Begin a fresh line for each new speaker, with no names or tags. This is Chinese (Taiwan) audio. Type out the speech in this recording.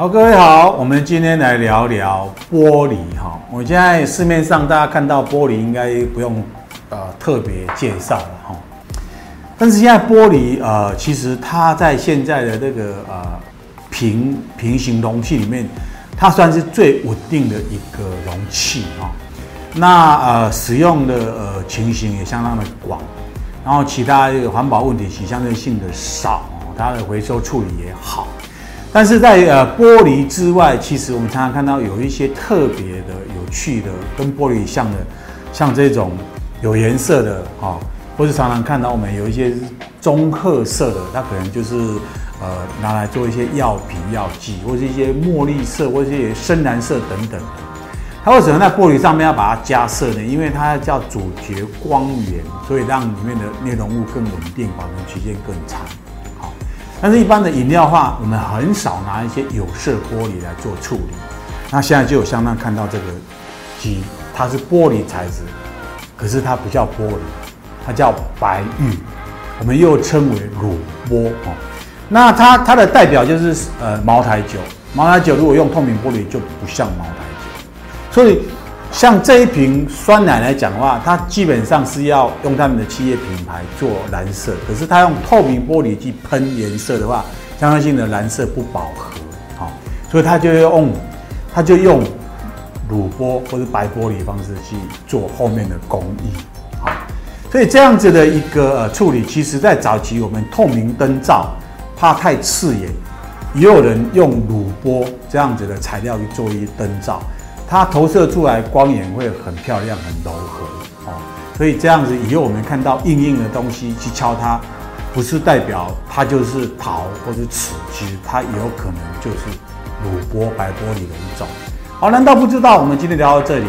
好，各位好，我們今天來聊聊玻璃哈、哦。我現在市面上大家看到玻璃，應該不用呃特別介紹了哈、哦。但是現在玻璃呃，其實它在現在的這個呃瓶瓶形容器裡面，它算是最穩定的一個容器哈、哦。那呃使用的呃情形也相當的廣，然後其他這個環保問題其實相對性的少，它的回收處理也好。但是在呃玻璃之外，其實我們常常看到有一些特別的、有趣的跟玻璃像的，像這種有顏色的啊，或者常常看到我們有一些棕褐色的，它可能就是呃拿來做一些藥品藥劑，或者一些墨綠色，或者一些深藍色等等的。它為什麼在玻璃上面要把它加色呢？因為它叫阻絕光源，所以讓裡面的內容物更穩定，保存期間更長。但是一般的飲料的話，我們很少拿一些有色玻璃來做處理。那現在就有相當看到這個機，它是玻璃材質，可是它不叫玻璃，它叫白玉，嗯，我們又稱為乳玻哦。那它它的代表就是呃茅台酒，茅台酒如果用透明玻璃就不像茅台酒，所以。像這一瓶酸奶來講的話，它基本上是要用他們的企業品牌做藍色，可是它用透明玻璃去噴顏色的話，相當性的藍色不飽和，好、哦，所以它就要用，它就用乳玻或者白玻璃方式去做後面的工藝，好、哦，所以這樣子的一個、呃、處理，其實在早期我們透明燈罩怕太刺眼，也有人用乳玻這樣子的材料去做一燈罩。它投射出來光影會很漂亮、很柔和，哦，所以這樣子以後我們看到硬硬的東西去敲它，不是代表它就是陶或者瓷，其實它有可能就是乳玻白玻璃的一種。好，南道不知道？我們今天聊到這裡。